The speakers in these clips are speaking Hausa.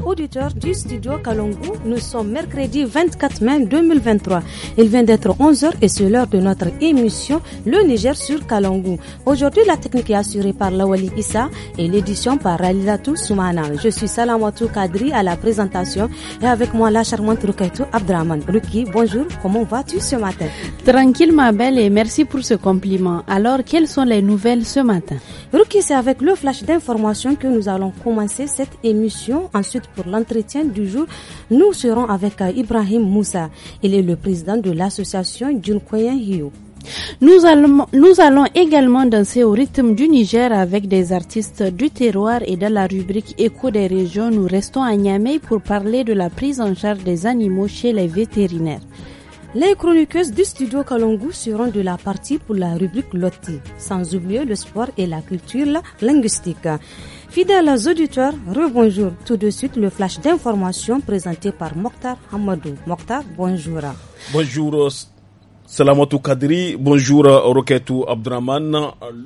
auditeurs du studio Kalongo, nous sommes mercredi 24 mai 2023. Il vient d'être 11h et c'est l'heure de notre émission Le Niger sur Kalongo. Aujourd'hui, la technique est assurée par Lawali Issa et l'édition par Ralilatou Soumana. Je suis Salamatou Kadri à la présentation et avec moi la charmante Rukaitou Abdraman. Ruki, bonjour, comment vas-tu ce matin Tranquille ma belle et merci pour ce compliment. Alors, quelles sont les nouvelles ce matin Ruki, c'est avec le flash d'information que nous allons commencer cette émission Ensuite, pour l'entretien du jour, nous serons avec euh, Ibrahim Moussa. Il est le président de l'association Junkoyen Hio. Nous allons, nous allons, également danser au rythme du Niger avec des artistes du terroir et dans la rubrique Écho des régions, nous restons à Niamey pour parler de la prise en charge des animaux chez les vétérinaires. Les chroniqueuses du studio Kalongu seront de la partie pour la rubrique Loti, sans oublier le sport et la culture linguistique. Fidèles auditeurs, rebonjour. Tout de suite, le flash d'information présenté par Mokhtar Hamadou. Mokhtar, bonjour. Bonjour. Salamatou Kadri, bonjour Roquetou Abdraman.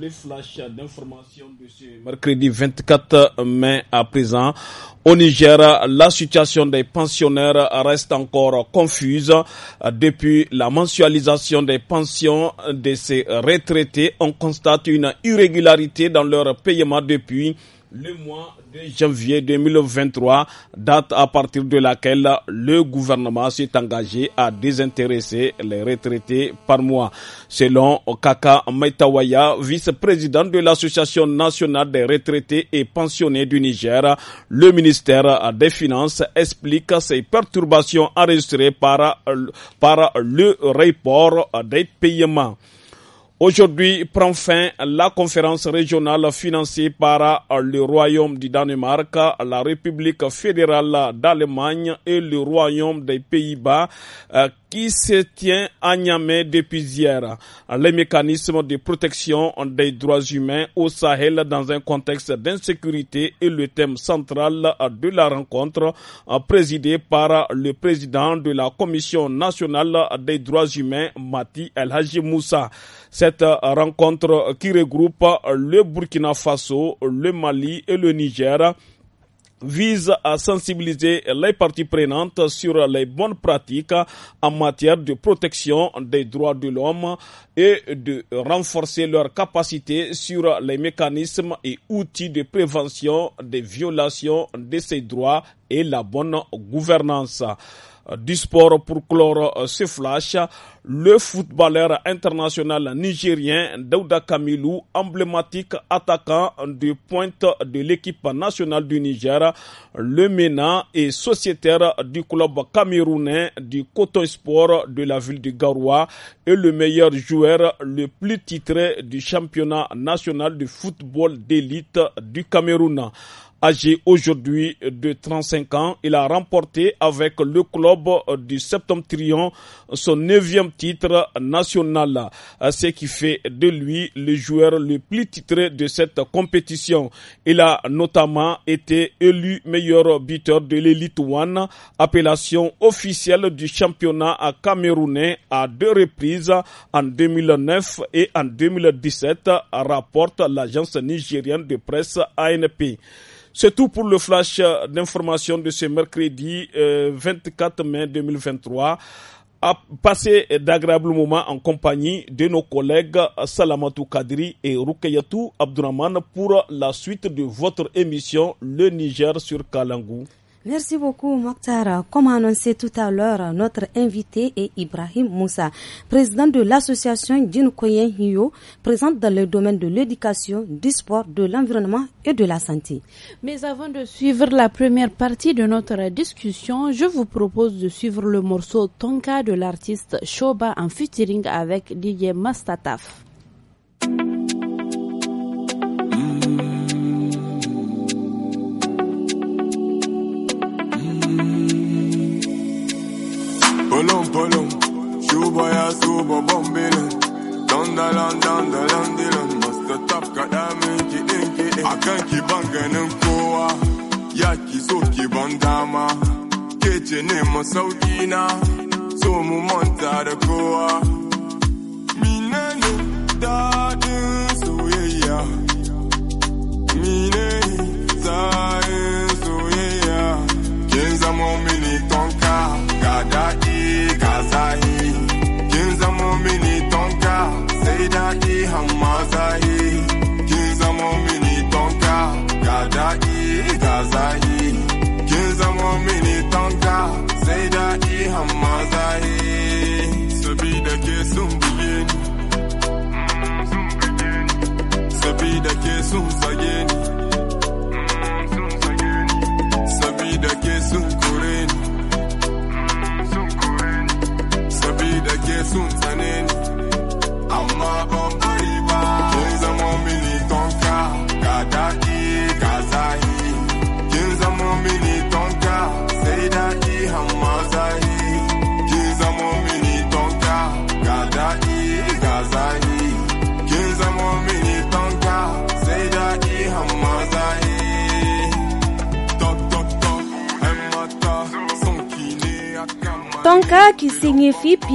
Le flash d'information de ce mercredi 24 mai à présent. Au Niger, la situation des pensionnaires reste encore confuse depuis la mensualisation des pensions de ces retraités. On constate une irrégularité dans leur paiement depuis le mois de janvier 2023, date à partir de laquelle le gouvernement s'est engagé à désintéresser les retraités par mois. Selon Kaka Metawaya, vice-président de l'Association nationale des retraités et pensionnés du Niger, le ministère des Finances explique ces perturbations enregistrées par, par le report des paiements. Aujourd'hui prend fin la conférence régionale financée par euh, le Royaume du Danemark, la République fédérale d'Allemagne et le Royaume des Pays-Bas euh, qui se tient à Niamey depuis hier. Les mécanismes de protection des droits humains au Sahel dans un contexte d'insécurité est le thème central de la rencontre présidée par le président de la Commission nationale des droits humains, Mati El Haji Moussa. Cette rencontre qui regroupe le Burkina Faso, le Mali et le Niger vise à sensibiliser les parties prenantes sur les bonnes pratiques en matière de protection des droits de l'homme et de renforcer leurs capacités sur les mécanismes et outils de prévention des violations de ces droits et la bonne gouvernance. Euh, du sport pour clore euh, ce flash. Le footballeur international nigérien Daouda Kamilou, emblématique attaquant de pointe de l'équipe nationale du Niger, le MENA et sociétaire du club camerounais du Coton Sport de la ville de Garoua et le meilleur joueur le plus titré du championnat national de football d'élite du Cameroun. Âgé aujourd'hui de 35 ans, il a remporté avec le club du Septembre Trion son neuvième titre national, euh, ce qui fait de lui le joueur le plus titré de cette compétition. Il a notamment été élu meilleur buteur de l'élite One, appellation officielle du championnat camerounais à deux reprises en 2009 et en 2017, rapporte l'agence nigérienne de presse ANP. C'est tout pour le flash euh, d'information de ce mercredi 24 euh, mai 2023 à passer d'agréables moments en compagnie de nos collègues Salamatou Kadri et Roukayatou Abdourahman pour la suite de votre émission Le Niger sur Kalangou. Merci beaucoup, Mokhtar. Comme annoncé tout à l'heure, notre invité est Ibrahim Moussa, président de l'association Koyen Hiyo, présente dans le domaine de l'éducation, du sport, de l'environnement et de la santé. Mais avant de suivre la première partie de notre discussion, je vous propose de suivre le morceau Tonka de l'artiste Shoba en featuring avec Didier Mastataf. Mm. Bolon bolon, shuba ya suba babban belin. Dandalan dandalan dilan, Mr. tapka kaɗa min kiɗin A ki ban ganin kowa, ya ki so ki ban dama. Ke ne masauki na, so mu manta da kowa. Minene daɗin soyayya, minene dadin soyayya. Kin zama mini tonka, ga daɗi. gida ihan maza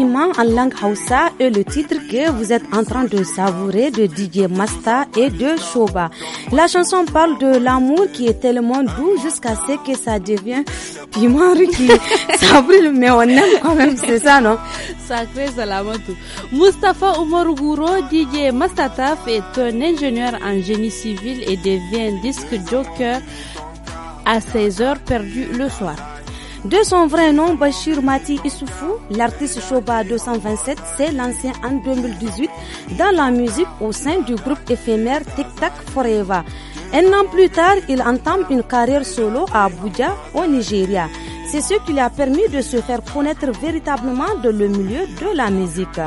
en langue Hausa est le titre que vous êtes en train de savourer de Didier Masta et de Shoba. La chanson parle de l'amour qui est tellement doux jusqu'à ce que ça devienne piment qui ça brûle, mais on aime quand même, c'est ça, non? Sacré Mustafa Omar DJ Mastataf est un ingénieur en génie civil et devient disque joker à 16 heures perdues le soir. De son vrai nom, Bachir Mati Issoufou, l'artiste Shoba 227 s'est lancé en 2018 dans la musique au sein du groupe éphémère Tic Tac Forever. Un an plus tard, il entame une carrière solo à Abuja, au Nigeria. C'est ce qui lui a permis de se faire connaître véritablement dans le milieu de la musique.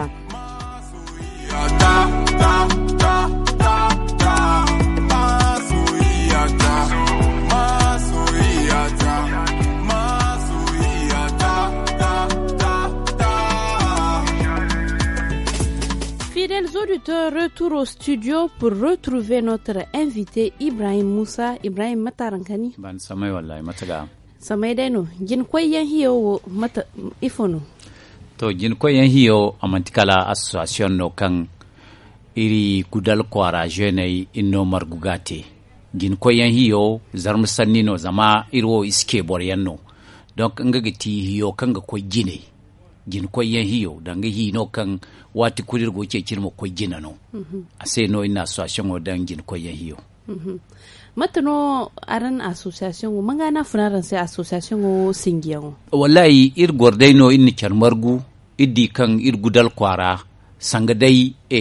Fidèles auditeurs, retour au studio pour retrouver notre invité Ibrahim Moussa, Ibrahim Matarankani. Ban samai wallahi mataga. Samai daino, gin koyen hiyo mata ifono. To gin koyen hiyo amantikala association no kan iri gudal kwara jenai inno margugate. Gin yan hiyo zarmusanni no zama irwo iske boryanno. Donc ngagati hiyo kanga koy gine. Gin yan hiyo danga hino kan wati kulir go ke kirma ko gina no mhm. a sai no ina so association o dan gin ko yan hiyo mhm. matano aran association o manga na funaran sai association o singiya o wallahi ir gordai no inni charmargu iddi kan ir gudal kwara sanga dai e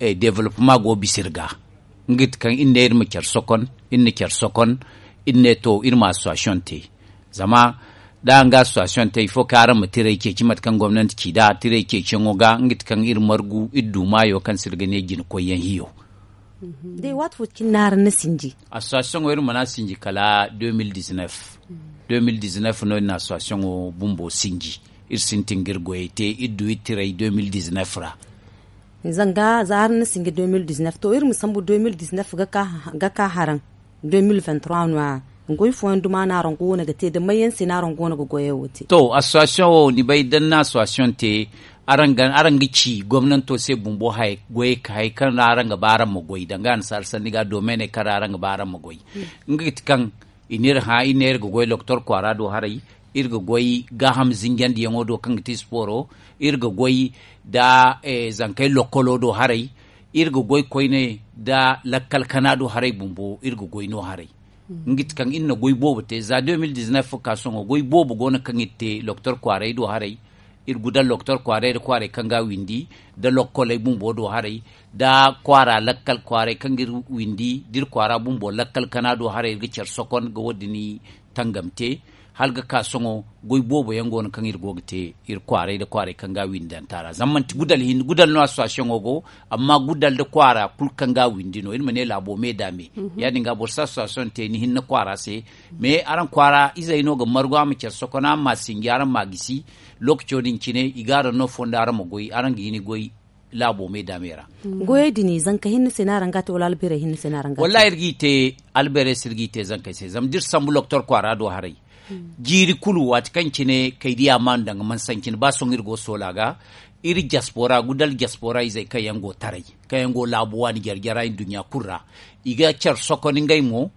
e development go bisirga ngit kan inne ir mu kyar sokon inne kyar sokon inne to ir ma association te zama ga situation ta yi fo karan mu tire ke kimat kan gwamnati ki da tire ke kin oga ngit kan ir margu iddu mayo kan sirgane gin koyen hiyo mhm. de what would kin nar na sinji a association wer mana sinji kala 2019 2019 no na association o bumbo sinji ir sintin gir goyete iddu itire 2019 ra zanga zahar na sinji 2019 to ir musambu 2019 ga ka ga ka haran 2023 wa ngoy fuan duma na rongo na gate da mayen si na rongo na goye wote to association wo ni bai dan na association te arangan arangi ci to sai bumbo hay goy kai kan aranga baran mo goy dangan sar sandiga domene kar aranga baran mo goy hmm. ngit kan inir ha iner go doctor kwara do harai irga goyi gaham zingen di yango do kan sporo irga goyi da eh, zankai lokolo do harai irga goyi koine da lakkal kana do harai bumbo irga goyi no harai ngit kan inna goy bobo te za 2019 ka songo goy bobo gona kan itte docteur Kwarey do harai ir guda docteur Kwarey do Kwarey kan ga windi da bum bo do harai da kwara lakkal kwarai kan gir windi dir kwara bum bo lakkal kana do harai ga cer sokon go wodini tangamte halga ka songo goy bobo yango na kangir irgo te ir kware de kware kanga winda windan zaman ti gudal hin gudal no shongo go amma gudal da kwara kul kanga windi no ilma ne labo me dami mhm. ya dinga bor association te ni hin na kwara se me aran kwara iza ino ga margo am cer sokona ma singaran magisi lokcho din kine igara no fonda aram mo goy aran gini goy labo me damera mm. dini zanka hin sena ranga to albere hinni sena ranga wallahi irgite albere sirgite zanka se zam dir sambu doktor kwara do harai jiri kulu wati kai kaidiya man danga man sankin ba son irgo ga. iri diaspora gudal diaspora ize yango tarai yango labuwa ni gergera in dunya kurra iga char soko ni ngai mo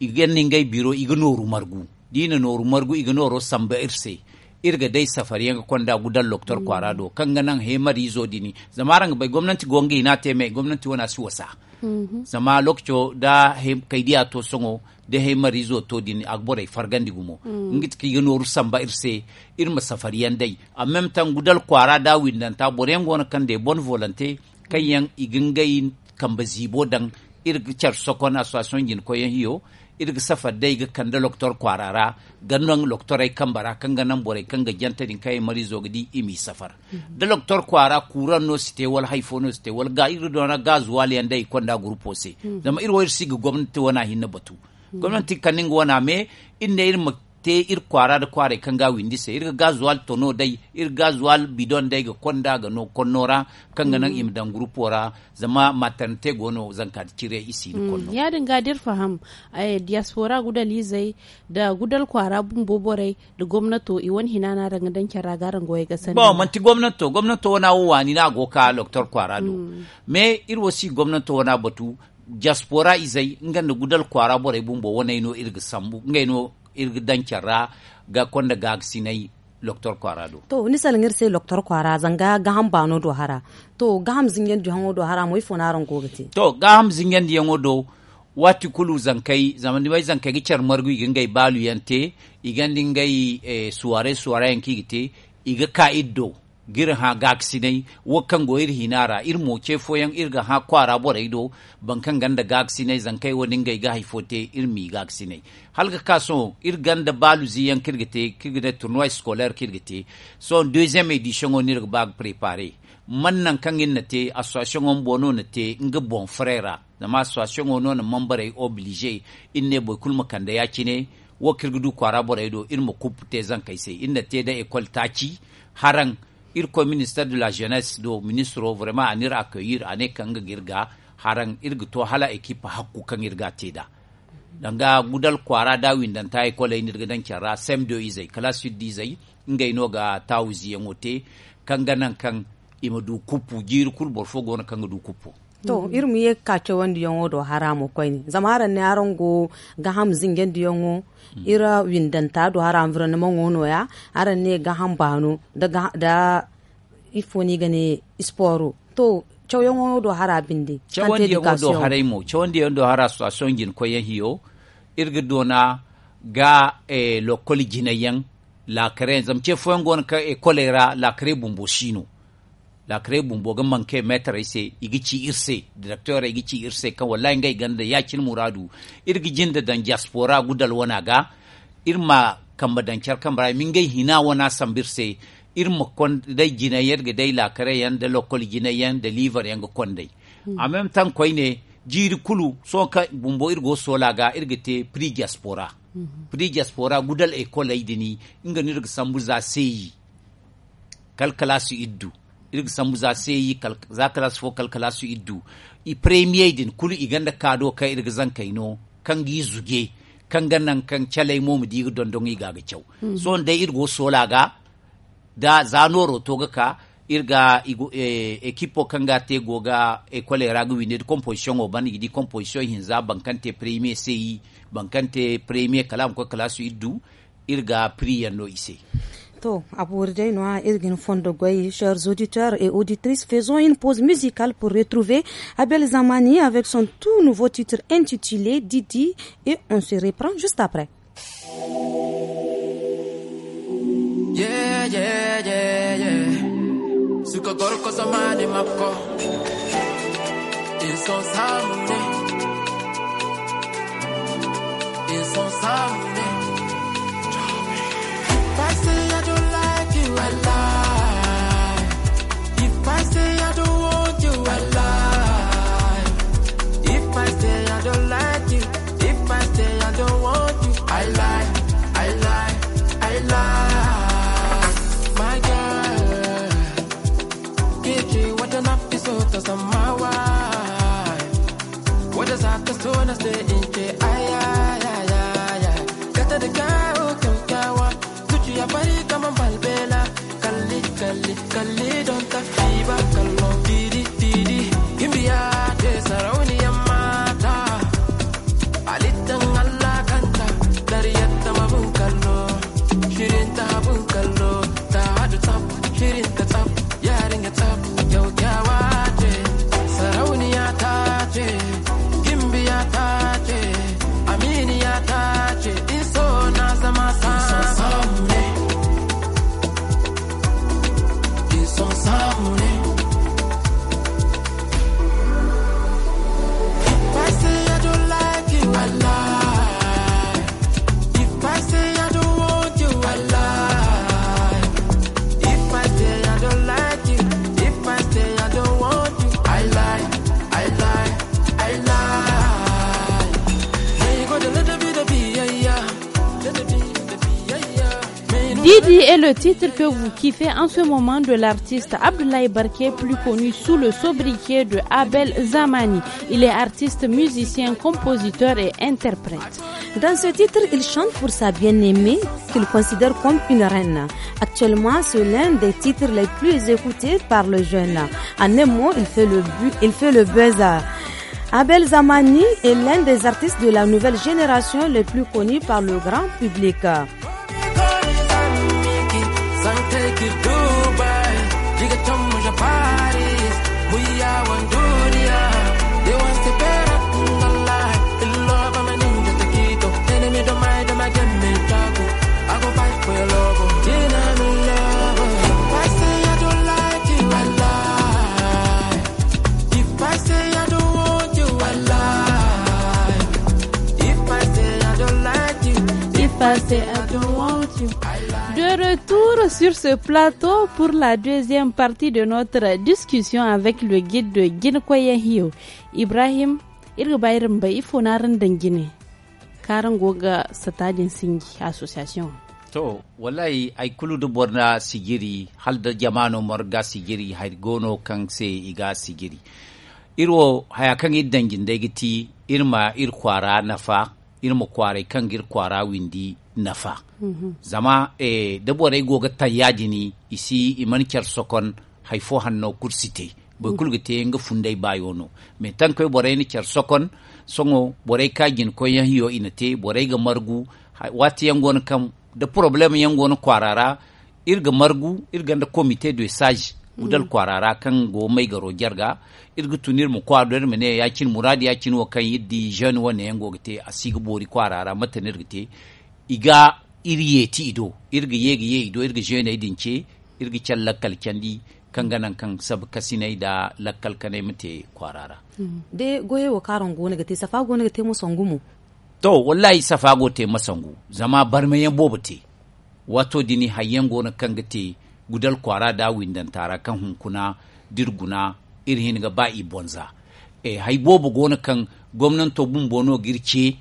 iga ni ngai biro iga noru margu dina noru margu iga noro samba irse irga dai safari yanga konda gudal doktor mm. kwarado Kan nan hemar izo dini zamarang bai gwamnati gongi na teme gwamnati wana si wasa mm -hmm. zama lokcho da kai kaidiya to songo da mari marizo to din fargan di gumo mm. ngit ki yono ba irse irma safariyan dai a même temps gudal kwara da windan ta bore ngona kan de bonne volonté kayan igingay kamba zibo dan irga char sokona association jin ko yan hiyo irga safa dai ga kanda doktor kwarara gannon doktorai kambara kan ganan bore kan ga jantarin kai marizo gidi imi safar mm-hmm. da loktor kwara kura no site wal haifo no site wal ga irdo na gazuwali andai konda grupo se zama mm-hmm. irwo irsi ga gwamnati wana hinna batu Gwamnati kan kanin wana me inda irin te ir kwara da kware kan ga windi sai ir ga zuwal tono dai ir ga zuwal bidon dai ga konda ga no konnora kan ga nan mm. im dan grupora zama maternité gono zanka cire isi da mm, konno ya ga dir faham ay diaspora gudal izai da gudal kwara bun boborai da gwamnato i wani hinana ranga dan kira garan goye ga sanin ba ti gwamnato gwamnato wana wani na go ka doktor kwara do mm. me ir wasi gwamnato wana batu diaspora izai nganda gudal kwara bore bumbo wana ino irga sambu ngaino irga dancara ga konda ga sinai loktor kwara do to ni sal ngir se loktor kwara zanga gaham bano do hara to gaham zingen di hango do hara moy fonaron gogati to gaham zingen di hango do wati kulu zankai zamandi bai zankai gichar margu igangai balu yante igandin gai eh, suware suware yanki gite iga ka iddo girha ha gaksinai wakan goyir hinara ir moke foyan irga ha kwara bora ido bankan ganda gaksinai zankai kai gai ga haifote ir mi gaksinai halga kaso ir ganda balu ziyan kirgite kirgite tournoi scolaire kirgite so deuxième édition on irga bag préparé nan kan yin te association on bono na te nga bon frère da ma association on non membre obligé ne boy kulma kanda yakine wakirgudu kwara bora ido ir mo kupte zankai sai in te da école taki haran irko ministère de la jeunesse do ministro vraiment anir accueillir ane kanga girga haran irga to hala équipe hakku kan irga teda danga gudal kwara da windan tay le nirga dan kyara sem do izay class sud izay ngay no ga tawzi yemote kanga nan kan imadu kupu jir kul borfo gona kanga du kupu to mm-hmm. irin ye ka ce wanda yongo do haramo kwai ne zama haran ne go ga ham zingen di yongo mm-hmm. ira windanta do haram environnement ngono ya haran ne ga ham banu da da ifoni gane isporo to cew yongo do hara bindi cew wanda yongo do mu cew wanda yongo do hara so songin koy hiyo irga dona ga e eh, lokol jinayen la kare zamce fuengon ka e kolera la kare shino la kare bumbo manke metra ise igici irse igi igici irse kan wallahi ngai ganda yakin muradu irgi jinda dan diaspora gudal wana ga irma kamba dan char kambra min ngai hina wana sambirse irma kon dai jinayer ga dai la kare yan da local jinayen da liver yan ga kondai hmm. a même koy ne jiri kulu so ka bumbo irgo sola ga te pri diaspora hmm. pri diaspora gudal e kolai dini inga nirga sambuza seyi kalkala su iddu irg za seyi zakras fo su iddu i premier din i ganda kado ka kai zankaino kan gi zuge kan gannan kan calai mu digi dondon i gaga cew hmm. so so dai irgo ga da zanoro toga ka irga igu, e, ekipo kan ga te goga école e ragu winde composition o ban di composition hinza bankante premier seyi bankante premier kalam ko kalasu iddu irga priya no ise chers auditeurs et auditrices, faisons une pause musicale pour retrouver Abel Zamani avec son tout nouveau titre intitulé Didi et on se reprend juste après. ka so na sai in ce ayayayaya gata da kyawu kyakkyawa zuciya bari kamar balbela kalli kalli kalli don tafi ba kallo Ceci est le titre que vous kiffez en ce moment de l'artiste Abdoulaye Barké, plus connu sous le sobriquet de Abel Zamani. Il est artiste, musicien, compositeur et interprète. Dans ce titre, il chante pour sa bien-aimée qu'il considère comme une reine. Actuellement, c'est l'un des titres les plus écoutés par le jeune. En un mot, il fait le, buzzard. il fait le buzz. Abel Zamani est l'un des artistes de la nouvelle génération les plus connus par le grand public. say I don't want you. De retour sur ce plateau pour la deuxième partie de notre discussion avec le guide de Guinée Hio, Ibrahim Irgbayrim bai ifonarin dangine. Karan goga satadin singi association. To, wallahi ay kulu borna sigiri hal da jamano marga sigiri har gono kan se iga sigiri. Iro haya kangi gindai giti irma ir kwara nafa irma kware kan gir kwara windi nafa zama eh, dabore goga ta yadini isi iman kyar sokon haifo hannu kursite te bai kulga te nga funday bayono me tan koy bore ni kyar sokon songo bore ka gin ko hiyo ina te bore ga margu wati yangon kam da problem yangon kwarara irga margu irga da comité de sage udal kwarara kan go ga garo gerga tunir mu kwadar ne yakin muradi yakin wa kan yiddi jeune wa ne yango gite asigi bori kwarara matanir gite iga irye ti ido irga yegi ye ido irga jene idinke irga can lakal kendi kan ganan kan sab kasinai da lakal kanai mate kwarara hmm. de goye wa karon gona ga te safa gona ga te musongu mu to wallahi safa go te masangu zama barmayen bobu te wato dini hayyen gona kan ga te gudal kwara da windan tara kan hunkuna dirguna irhin ga ba'i bonza e hay bobo gona kan gwamnan to bun bono girce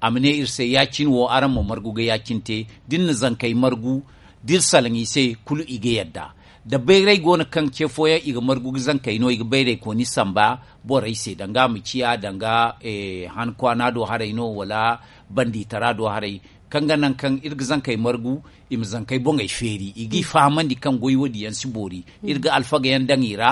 amne irse yakin wo aran mo margu ga yakin te din zan kai margu dir salangi ise kulu ige yadda da bayrai gona kan ke foya iga margu zan kai no iga bayrai ko ni samba borai se danga mu ciya danga eh, han kwana do harai no wala bandi tara do harai kanga nan kan irga zankai margu im zankai bonga feri igi mm. fama ndi kan goyi wadi yan sibori mm. irga ga yan dangira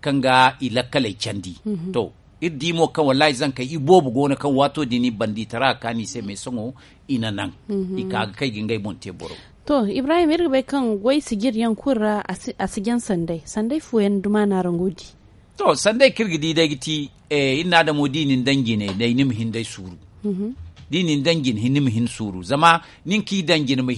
kanga ilakkalai candi mm-hmm. to irdimo kan wallahi zan kai bu gona kan wato dini banditara kani sai mai songo ina nan mhm. ikaga kai gingai mun boro to ibrahim irga bai kan gwai sigir kura a sigen sandai sandai yan duma na rangudi to sandai kirgidi da giti eh ina da mu dinin dangi ne da inim dai suru mhm. dinin dangin hinim hin suru zama ninki dangin mu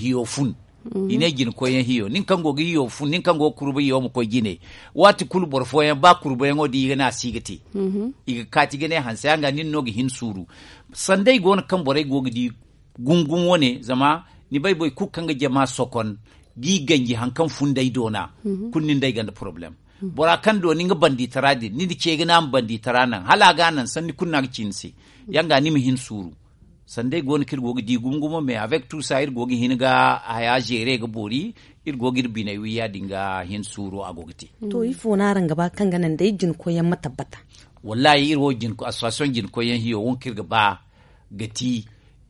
Mhm. ine gin ko yen hiyo nin kango gi yo fu nin kango kurbo yo mo ko gine wati kul bor fo yen ba kurbo yen odi gina sigiti mm -hmm. iga kati hanse nin no hin suru sandai gon kan bore go gi gungun wone zama ni bai boy ku kanga jama sokon gi ganji han kan fu fundai dona mm -hmm. nin dai ganda problem bora kan do ni ga bandi taradi ni di ke gana bandi taranan hala ganan sanni kunna gi ya mhm. yanga ni mi hin suru sande gon kir gogi di gum gumo me avec tout ça ir gogi hinga aya jere ga bori ir gogi bine wiya dinga hin suru agogti to ifo na ran gaba kan ganan dai jin ko yan matabbata wallahi ir wo ko association jin ko yan hiyo won kir gaba ba gati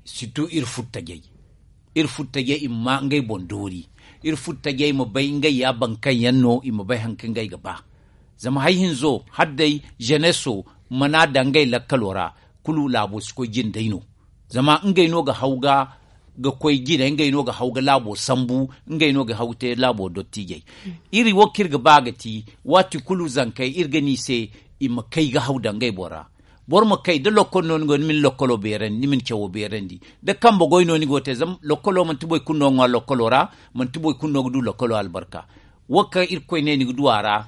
situ ir futta gei ir futta gei imma ngai bondori ir futta gei mo bay ngai ya bankan yanno imma bay hankan ngai gaba zama hay hin zo haddai jeneso mana dangai lakkalora kulu labo ko jin daino zama in no ga hauga ga koy gida in no ga hauga labo sambu in no ga haute labo gai iri wakir ga bagati wati kulu zankai irgani se ima kai ga hauda ngai bora bor ma kai da lokon non gon min lokolo beren ni min cewo beren di da kambo goy non go te zam lokolo man tuboy kunno ngwa lokolo ra man tuboy kunno du lokolo albarka wakka ir koy ne ni duwara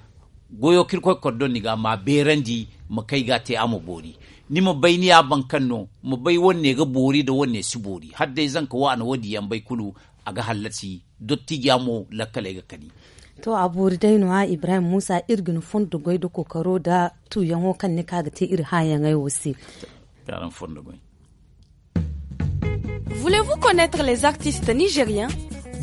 goyo kirko kordon ni ga ma berandi mu kai ga te amu bori ni mu bai ni aban kanno mu bai wanne ga bori da wanne su bori har dai zan ka wa'ana wadi yan bai kulu a ga halatti dotti ya mu lakale ga kani to a bori dai nuwa ibrahim musa irgin fondo goy da kokaro da tu yan ho kan ni ga te ir yan ai wose Voulez-vous connaître les artistes nigériens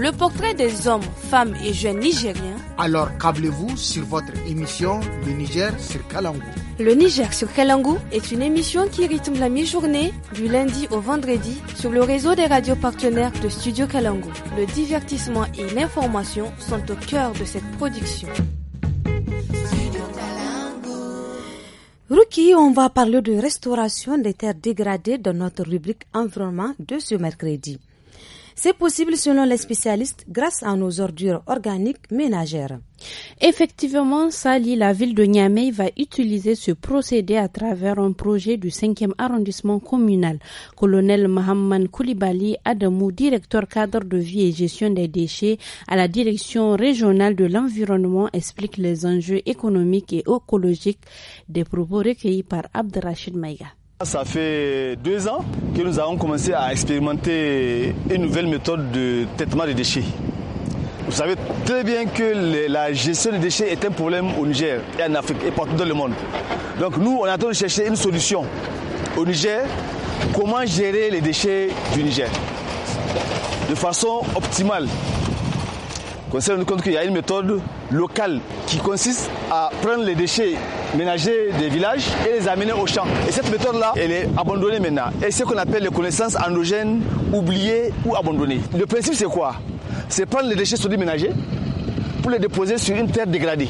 le portrait des hommes, femmes et jeunes nigériens. Alors câblez-vous sur votre émission Le Niger sur Kalangou. Le Niger sur Kalangou est une émission qui rythme la mi-journée du lundi au vendredi sur le réseau des radios partenaires de Studio Kalangou. Le divertissement et l'information sont au cœur de cette production. Ruki, on va parler de restauration des terres dégradées dans notre rubrique environnement de ce mercredi. C'est possible selon les spécialistes grâce à nos ordures organiques ménagères. Effectivement, Sali, la ville de Niamey va utiliser ce procédé à travers un projet du 5e arrondissement communal. Colonel Mohamed Koulibaly Adamou, directeur cadre de vie et gestion des déchets à la direction régionale de l'environnement, explique les enjeux économiques et écologiques des propos recueillis par Abdrachid Maïga. Ça fait deux ans que nous avons commencé à expérimenter une nouvelle méthode de traitement des déchets. Vous savez très bien que la gestion des déchets est un problème au Niger et en Afrique et partout dans le monde. Donc nous, on attend de chercher une solution au Niger, comment gérer les déchets du Niger de façon optimale. On s'est rendu compte qu'il y a une méthode locale qui consiste à prendre les déchets ménager des villages et les amener au champ. Et cette méthode-là, elle est abandonnée maintenant. Et ce qu'on appelle les connaissances androgènes oubliées ou abandonnées. Le principe, c'est quoi C'est prendre les déchets solides ménagés pour les déposer sur une terre dégradée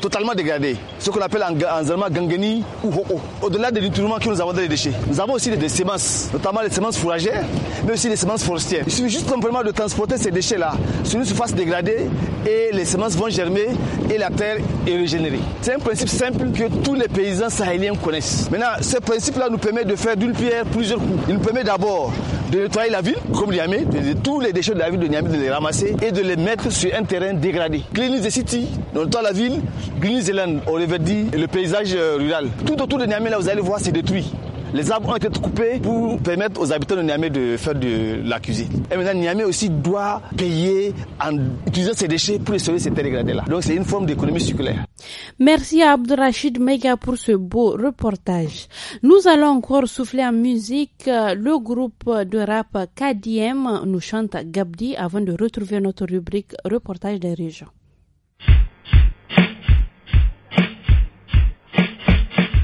totalement dégradé, ce qu'on appelle en allemand gangeni ou hoho. Au-delà des nutriments que nous avons dans les déchets, nous avons aussi des semences, notamment les semences fourragères, mais aussi les semences forestières. Il suffit juste simplement de transporter ces déchets-là sur une surface dégradée et les semences vont germer et la terre est régénérée. C'est un principe simple que tous les paysans sahéliens connaissent. Maintenant, ce principe-là nous permet de faire d'une pierre plusieurs coups. Il nous permet d'abord de nettoyer la ville, comme Niamey, de, de, tous les déchets de la ville de Niamey, de les ramasser et de les mettre sur un terrain dégradé. is the city, dans le temps la ville, the land, on et le paysage euh, rural. Tout autour de Niamey, là, vous allez voir, c'est détruit. Les arbres ont été coupés pour permettre aux habitants de Niamey de faire de la cuisine. Et maintenant, Niamey aussi doit payer en utilisant ses déchets pour sauver ces terres là Donc, c'est une forme d'économie circulaire. Merci à Abdurachid Mega pour ce beau reportage. Nous allons encore souffler en musique. Le groupe de rap KDM nous chante Gabdi avant de retrouver notre rubrique reportage des régions.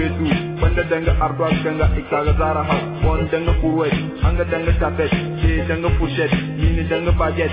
fetu banda danga ardo ganga ikaga zara ha won danga kurwe anga danga tapet ke danga pushet mini danga bajet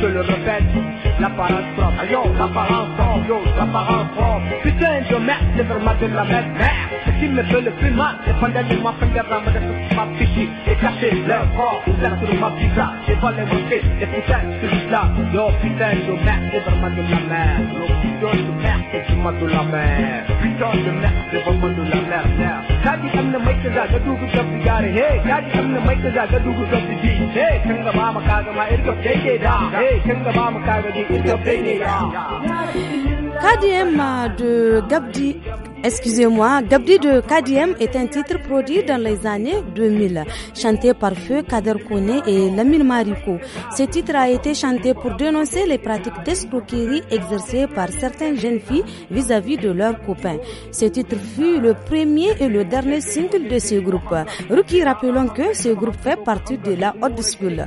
je le répète, l'apparence propre, yo, oh, l'apparence propre, yo, oh, l'apparence propre. Putain de merde, c'est vraiment de la merde, merde. Ce qui me fait le plus mal, c'est pas d'aller m'apprendre à me sur ma psychie et cacher leur corps, faire sur ma pizza, j'ai pas les Et les putains c'est celui-là. Yo, putain de merde, c'est vraiment de la merde, yo, putain de merde, c'est vraiment de la merde. Putain de merde, c'est vraiment de la merde. dugu sabbi gare he ya ji amna mai ka zaga dugu sabbi ji he kan ga ba mama kaga ma irka ke da he kan ga ba mama kaga ji irka dai ne da KDM de Gabdi, excusez-moi, Gabdi de KDM est un titre produit dans les années 2000, chanté par Feu Kader Kone et Lamine Mariko. Ce titre a été chanté pour dénoncer les pratiques d'escroquerie exercées par certaines jeunes filles vis-à-vis de leurs copains. Ce titre fut le premier et le dernier single de ce groupe. Ruki, rappelons que ce groupe fait partie de la Hot School.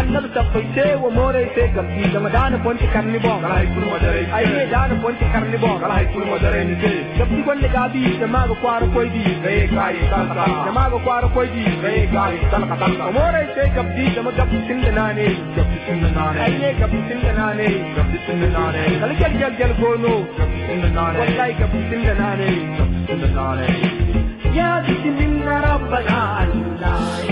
annabi tabbaite wa more sai gamsi zama dana ponti karni bon kala hay kul madare ai ne dana ponti karni bon kala hay kul madare ni ke gamsi gonde gabi jama ga kwara koi di sai kai salka jama ga kwara koi di sai kai salka salka more sai gamsi zama gabi sin da nane gabi sin da nane ai ne gabi sin da nane gabi sin da nane kala jal jal jal gono gabi sin da nane wallahi gabi sin da nane gabi sin da nane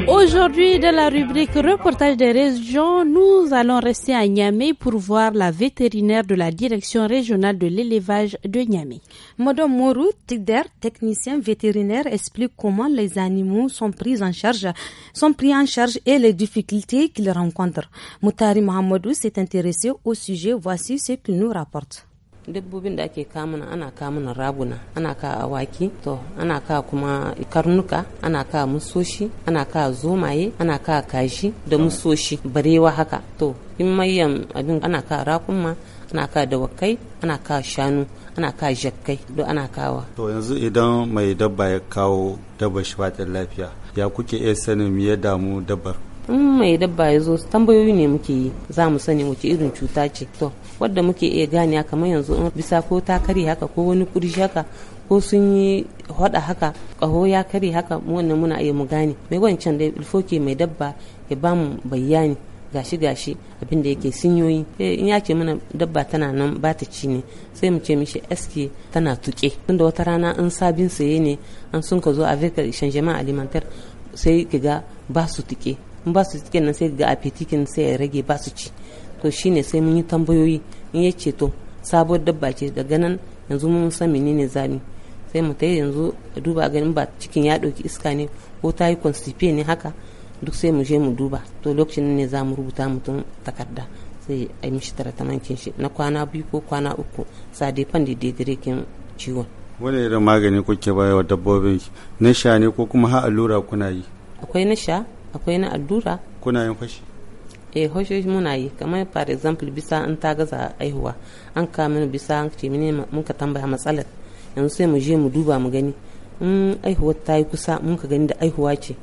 Aujourd'hui, dans la rubrique reportage des régions, nous allons rester à Niamey pour voir la vétérinaire de la direction régionale de l'élevage de Niamey. Madame Mourou Tider, technicien vétérinaire, explique comment les animaux sont pris en charge, sont pris en charge et les difficultés qu'ils rencontrent. Moutari Mohamedou s'est intéressé au sujet. Voici ce qu'il nous rapporte. dabbobin da ake kamuna ana kamuna rabuna ana ka awaki to ana ka kuma karnuka ana ka musoshi ana ka zomaye ana ka kashi da musoshi barewa haka to in mayan abin ana ka rakunma ana ka dawakai ana ka shanu ana ka jakkai duk ana kawa to yanzu idan mai dabba ya kawo dabba shi lafiya ya kuke iya sanin ya damu dabbar in mai dabba ya zo tambayoyi ne muke yi za mu sani wace irin cuta ce to wadda muke iya gane kamar yanzu in bisa ko ta kare haka ko wani kurji haka ko sun yi hada haka kaho ya kare haka wannan muna iya mu gane mai wancan da ilfoke mai dabba ya ba mu bayani gashi gashi abinda yake sinyoyi eh, in ya ce mana dabba tana nan ba ta ci ne sai mu ce mishi eske tana tuke tunda wata rana in sabin saye ne an sun ka zo a vekar shanjama alimantar sai ga ba su tuke in ba su cikin nan sai ga apetikin sai ya rage ba su ci to shine sai mun yi tambayoyi in ya ce to sabuwar dabba ce daga nan yanzu mun san menene zami sai mu tayi yanzu duba ganin ba cikin ya dauki iska ne ko ta yi constipe ne haka duk sai mu je mu duba to lokacin ne za mu rubuta mutum takarda sai a yi mishi taratamancin shi na kwana biyu ko kwana uku sa dai fan da daidairikin ciwon wani irin magani kuke bayar wa dabbobin na sha ne ko kuma har allura kuna yi akwai na sha akwai na allura kuna yin fashi eh hoshe muna yi kamar for example bisa an ta gaza aihuwa an ka mini bisa an ce mini ka tambaya matsalar yanzu sai mu je mu duba mu gani in aihuwa ta yi kusa mun ka gani da aihuwa ce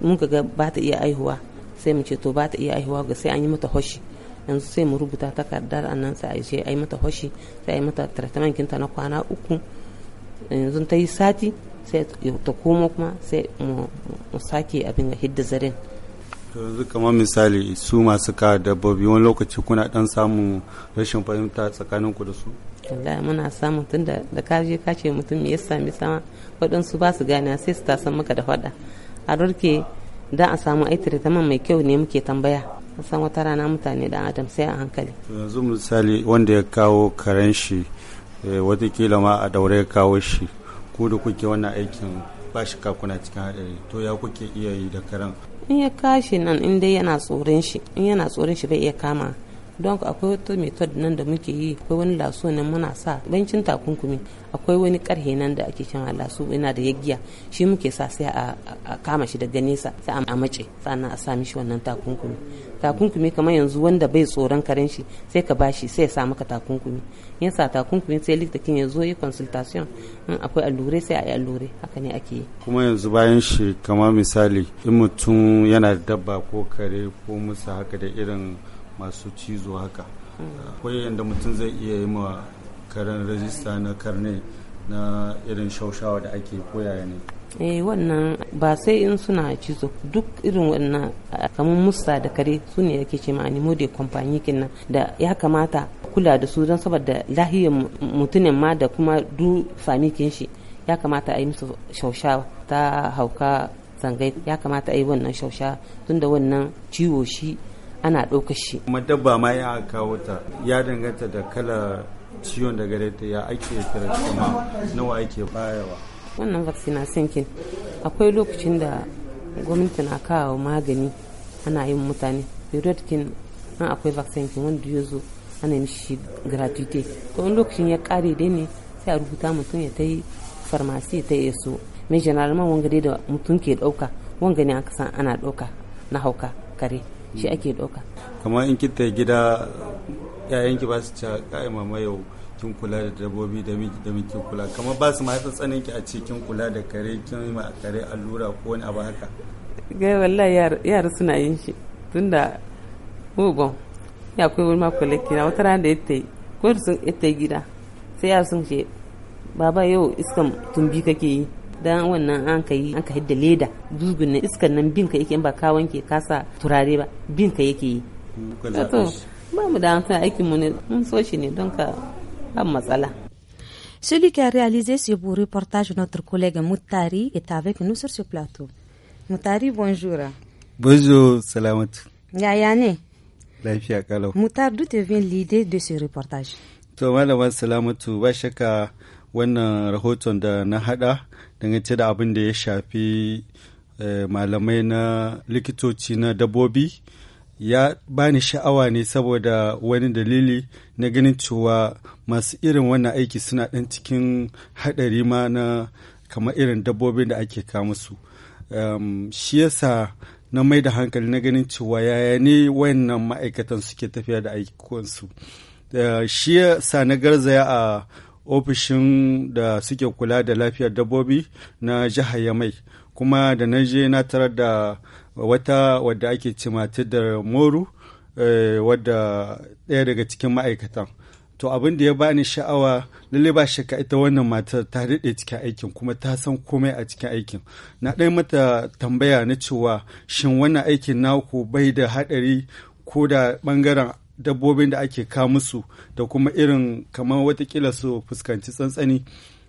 mun ka ga ba ta iya aihuwa sai mu ce to ba ta iya aihuwa ga sai an yi mata hoshi yanzu sai mu rubuta takardar annan sai a je a yi mata hoshi sai a yi mata tratamentinta na kwana uku yanzu ta yi sati sai ta komo kuma sai mu sake abin da hidda zaren yanzu kamar misali su masu ka dabbobi wani lokaci kuna dan samun rashin fahimta tsakanin ku da su wallahi muna samun tun da ka je ka ce mutum me yasa me sama waɗansu ba su gane sai su san maka da faɗa a rurke da a samu aitire ta mai kyau ne muke tambaya san wata rana mutane dan adam sai a hankali yanzu misali wanda ya kawo karen shi eh, watakila ma a daure ya kawo shi ko da kuke wannan aikin ba shi kakuna cikin haɗari to ya kuke iya yi da karan in ya kashi nan in dai yana tsoron shi in yana tsoron shi bai iya kama don akwai wata method nan da muke yi akwai wani laso nan muna sa bancin takunkumi akwai wani karhe nan da ake cewa laso yana da yaggiya shi muke sa sai a kama shi daga nesa sai a mace sannan a sa mishi wannan takunkumi takunkumi kamar yanzu wanda bai tsoron karen shi sai ka bashi sai ya sa maka takunkumi ya sa takunkumin sai ya zo yi consultation in akwai allurai sai a yi allurai haka ne ake yi kuma yanzu bayan shi kamar misali in mutum yana da dabba ko kare ko musa haka da irin masu cizo haka akwai yadda mutum zai iya yi ma karen rajista na karne na irin shaushawa da ake koyaya ne eh wannan ba sai in suna cizo duk irin wannan kamar musa da kare su ne yake ce ma animo de kamfani kenan da ya kamata kula da su don saboda lahiyar mutumin ma da kuma du famikin shi ya kamata a yi musu shausha ta hauka zangai ya kamata a yi wannan shausha da wannan ciwo shi ana ɗaukar shi. Madabba ma ya kawo ta ya danganta da kala ciwon da gare ta ya ake kuma nawa ake bayawa. wannan vaccine kin akwai lokacin da gwamnati na kawo magani ana yin mutane period kin akwai vaccine kin wanda ya zo ana mishi gratuite to in lokacin ya kare dai ne sai a rubuta mutum ya ta yi farmasi ta yi so mai janarman wanga dai da mutum ke dauka wanga ne aka san ana dauka na hauka kare shi ake dauka kamar in kita gida ki ba su ci ka'ima mama yau kin kula da dabbobi da miki kula kamar ba su ma tsatsanin ki a cikin kula da kare kin ma kare allura ko wani abu haka ga wallahi yar suna yin shi tunda mu bon ya akwai wani makwalaki na wata rana da ya ta yi ko sun ita gida sai ya sun ce baba yau iskan tumbi kake yi dan wannan an ka yi an ka hidda leda dugun na iskan nan bin ka yake ba ka wanke ka sa turare ba bin ka yake yi ba mu da hankali aikin mu ne mun so shi ne don ka an matsala Celui qui a réalisé ce beau reportage, notre collègue Moutari, est avec nous sur ce plateau. Moutari, bonjour. Bonjour, Salamat. ne. Lafiya kalau. Mutar d'où vin lide de se reportage? To malamar Salamatu ba shakka wannan rahoton da na hada dangance da abin da ya shafi eh, malamai na likitoci na dabbobi ya bani sha'awa ne saboda wani dalili na ganin cewa masu irin wannan aiki suna ɗan cikin haɗari ma na kamar irin dabbobin da ake kamusu. su. um, ehm, shi yasa na mai da hankali na ganin cewa yaya ne wayannan ma'aikatan suke tafiya da aikinsu shi sa na garzaya a ofishin da suke kula da lafiyar dabbobi na jihar yamai kuma da na je na tarar da wata wadda ake cimati da moru eh, wadda ɗaya daga cikin ma'aikatan to abin da ya bani sha'awa lalle ba shakka ita wannan matar ta daɗe cikin aikin kuma ta san komai a cikin aikin na ɗaya mata tambaya na cewa shin wannan aikin naku bai da haɗari ko da ɓangaren dabbobin da ake ka musu da kuma irin kamar watakila su fuskanci tsantsani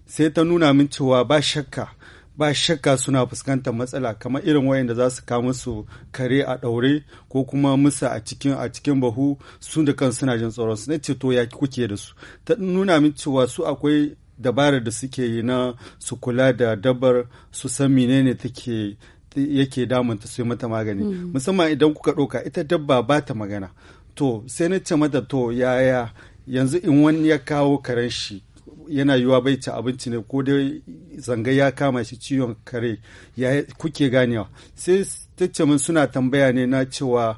sai ta nuna min cewa ba shakka ba shakka suna fuskantar matsala kamar irin wayanda za su kama su kare a ɗaure ko kuma musa a cikin a cikin bahu su da kan suna jin tsoron su ne ce to ya kuke da su ta nuna min cewa su akwai dabarar da suke yi na su kula da dabar su san menene take yake damunta su yi mata magani hmm. musamman idan kuka ɗauka ita dabba ba ta magana to sai na ce mata to yaya yanzu in wani ya kawo karen shi yana yiwa bai ci abinci ne ko dai zanga ya kama shi ciwon kare ya kuke ganewa sai tace mun suna tambaya ne na cewa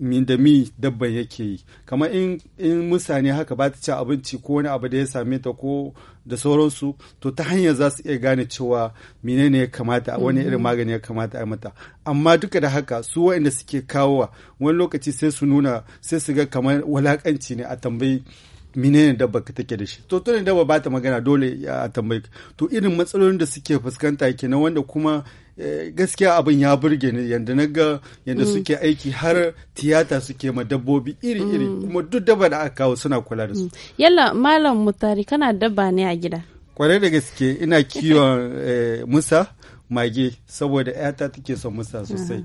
min da mi dabban yake yi kamar in in mutane haka ba ta ci abinci ko wani abu da ya same ta ko da sauransu to ta hanyar za su iya gane cewa menene ya kamata wani irin mm-hmm. magani ya kamata a mata amma duka da haka su waɗanda suke kawowa wani lokaci sai su nuna sai su ga kamar walakanci ne a tambayi menene dabba ka take da shi to daba dabba ba ta magana dole a tambayi to irin matsalolin da suke fuskanta kenan wanda kuma eh, gaskiya abin ya burge ni yadda na ga yadda mm. suke aiki har tiyata suke ma dabbobi iri-iri mm. kuma duk dabba da aka kawo suna kula da su mm. yalla malam mutari kana dabba ne a gida kwarai da gaske ina kiwon eh, musa mage saboda 'yata take son musa sosai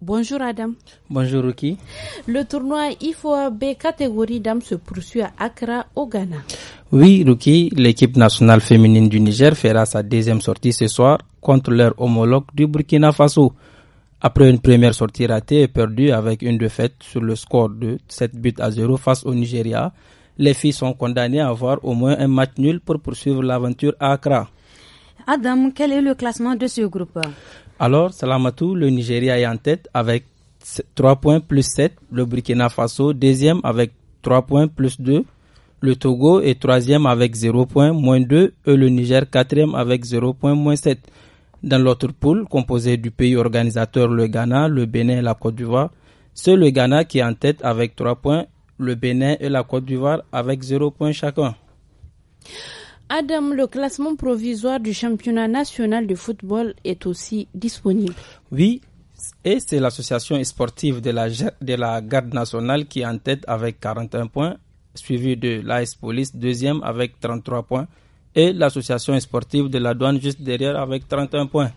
Bonjour Adam. Bonjour Ruki. Le tournoi IFOA B catégorie dames se poursuit à Accra au Ghana. Oui Ruki, l'équipe nationale féminine du Niger fera sa deuxième sortie ce soir contre leur homologue du Burkina Faso. Après une première sortie ratée et perdue avec une défaite sur le score de 7 buts à 0 face au Nigeria, les filles sont condamnées à avoir au moins un match nul pour poursuivre l'aventure à Accra. Adam, quel est le classement de ce groupe alors, Salamatou, le Nigeria est en tête avec trois points plus 7, le Burkina Faso deuxième avec trois points plus 2, le Togo est troisième avec 0 points moins 2 et le Niger quatrième avec 0 points moins 7. Dans l'autre poule, composé du pays organisateur le Ghana, le Bénin et la Côte d'Ivoire, c'est le Ghana qui est en tête avec 3 points, le Bénin et la Côte d'Ivoire avec 0 points chacun. Adam, le classement provisoire du championnat national de football est aussi disponible. Oui, et c'est l'association sportive de la, de la garde nationale qui est en tête avec 41 points, suivi de l'AS Police deuxième avec 33 points, et l'association sportive de la douane juste derrière avec 31 points.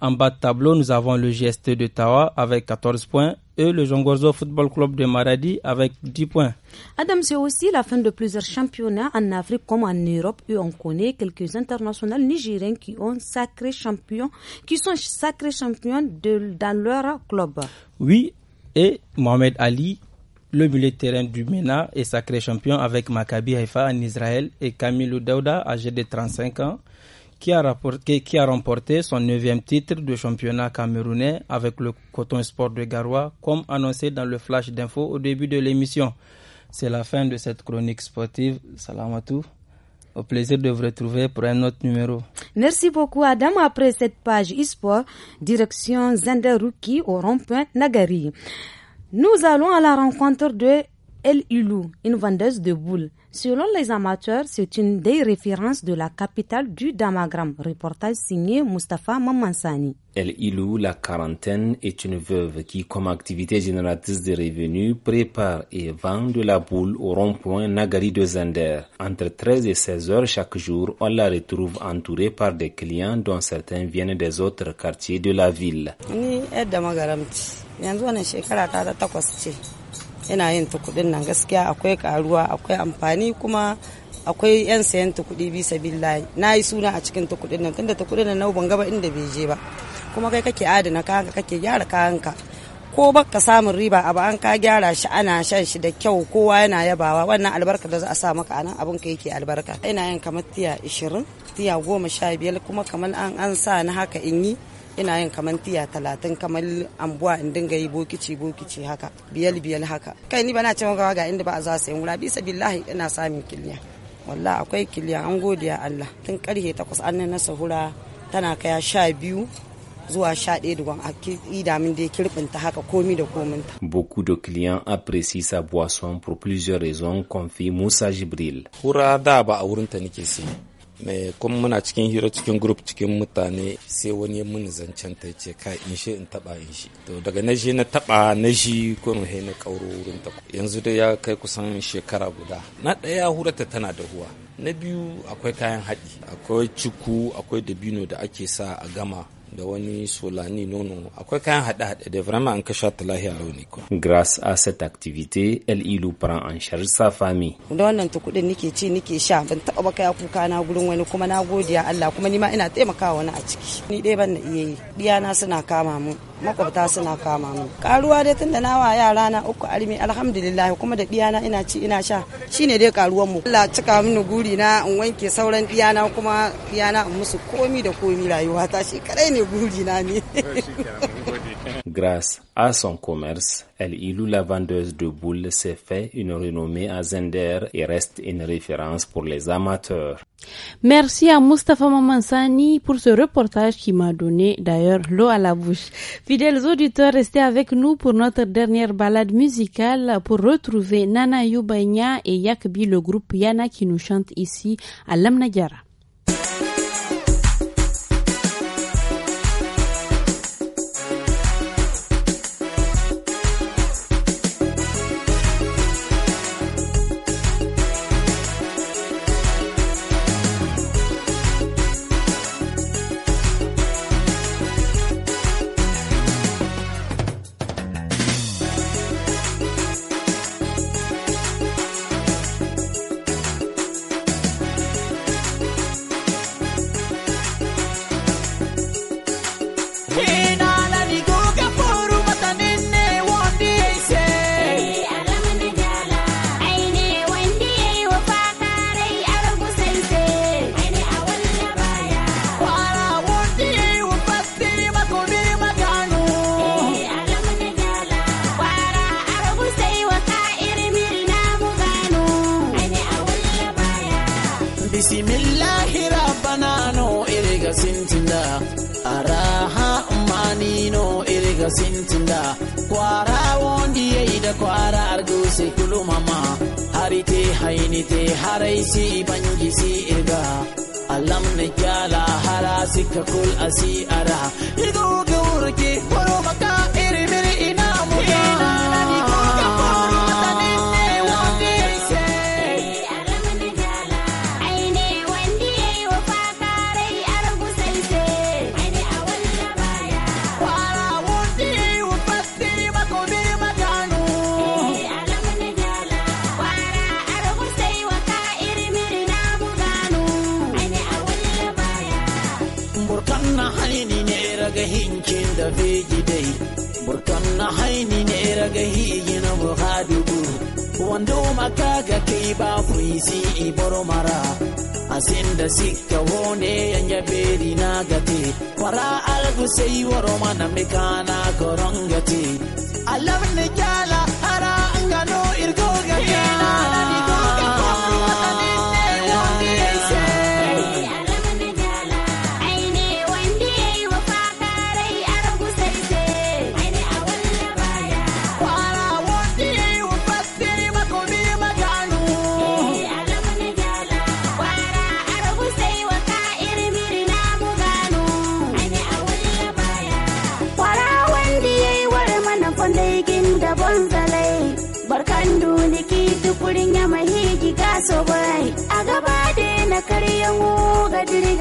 En bas de tableau, nous avons le GST de Tawa avec 14 points, et le Jongorzo Football Club de Maradi avec 10 points. Adam, c'est aussi la fin de plusieurs championnats en Afrique comme en Europe et on connaît quelques internationaux nigériens qui, ont sacré champion, qui sont sacrés champions dans leur club. Oui, et Mohamed Ali, le milieu terrain du MENA, est sacré champion avec Maccabi Haifa en Israël et Camille Daouda, âgé de 35 ans, qui a, remporté son neuvième titre de championnat camerounais avec le Coton Sport de Garoua, comme annoncé dans le flash d'info au début de l'émission. C'est la fin de cette chronique sportive. Salam à tous. Au plaisir de vous retrouver pour un autre numéro. Merci beaucoup Adam. Après cette page e-sport, direction Zenderuki au rond-point Nagari. Nous allons à la rencontre de El Ilou, une vendeuse de boules. Selon les amateurs, c'est une des références de la capitale du Damagram. Reportage signé Mustapha Mamansani. El Ilou, la quarantaine, est une veuve qui, comme activité génératrice de revenus, prépare et vend de la boule au rond-point Nagari de Zender. Entre 13 et 16 heures chaque jour, on la retrouve entourée par des clients dont certains viennent des autres quartiers de la ville. ina yin tukuɗin nan gaskiya akwai karuwa akwai amfani kuma akwai yan sayan kudi bisa billahi na yi suna a cikin kudin nan tunda kudin nan nau ban gaba inda bai je ba kuma kai kake adana ka kake gyara ka ko baka samun riba abu an ka gyara shi ana shan shi da kyau kowa yana yabawa wannan albarka da za a sa maka anan abin ka yake albarka ina yin kamar tiya 20 tiya 15 kuma kamar an an sa na haka in yi ina yin kamar tiya talatin kamar ambuwa in dinga yi bokici bokici haka biyal biyal haka kai ni bana ce maka ga inda ba a za su yi wura bisa billahi ina samun kiliya wallah akwai kiliya an godiya Allah tun karhe takwas an na sahura tana kaya sha biyu zuwa sha ɗaya da ya Boku da kiliyan apprécient sa buwa son propulsion raison confi musa Jibril. Hura da ba a wurinta nake sai. kuma muna cikin hira cikin group cikin mutane sai wani ya mini zancen ta ce ka in shi in taba in shi to daga na shi na taba na shi ko na na kauro wurin ta yanzu dai ya kai kusan shekara guda na daya hurata tana da huwa na biyu akwai kayan haɗi akwai ciku akwai dabino da ake sa a gama da wani solani nono akwai kayan haɗe-haɗe da vraiment an kashe ta lahiya rauni ko. grass asset activity activité, El Ilu prend en charge sa Da wannan kuɗin nake ci nake sha ban taɓa ba kaya kuka na gurin wani kuma na godiya Allah kuma ni ma ina taimakawa wani a ciki. Ni ɗaya ban na iya yi. na suna kama mu. makwabta suna kama mu karuwa dai tunda na wa yara na uku almi alhamdulillah kuma da diyana ina ci ina sha shine dai karuwan mu Allah cika mini guri na in wanke sauran diyana kuma diyana in musu komi da komi rayuwa ta shi kadai ne guri na ni Grâce à son commerce, elle Ilou la vendeuse de boules s'est fait une renommée à Zender et reste une référence pour les amateurs. Merci à Mustafa Mamansani pour ce reportage qui m'a donné d'ailleurs l'eau à la bouche. Fidèles auditeurs, restez avec nous pour notre dernière balade musicale pour retrouver Nana Yubanya et Yakbi, le groupe Yana qui nous chante ici à Lamnagara.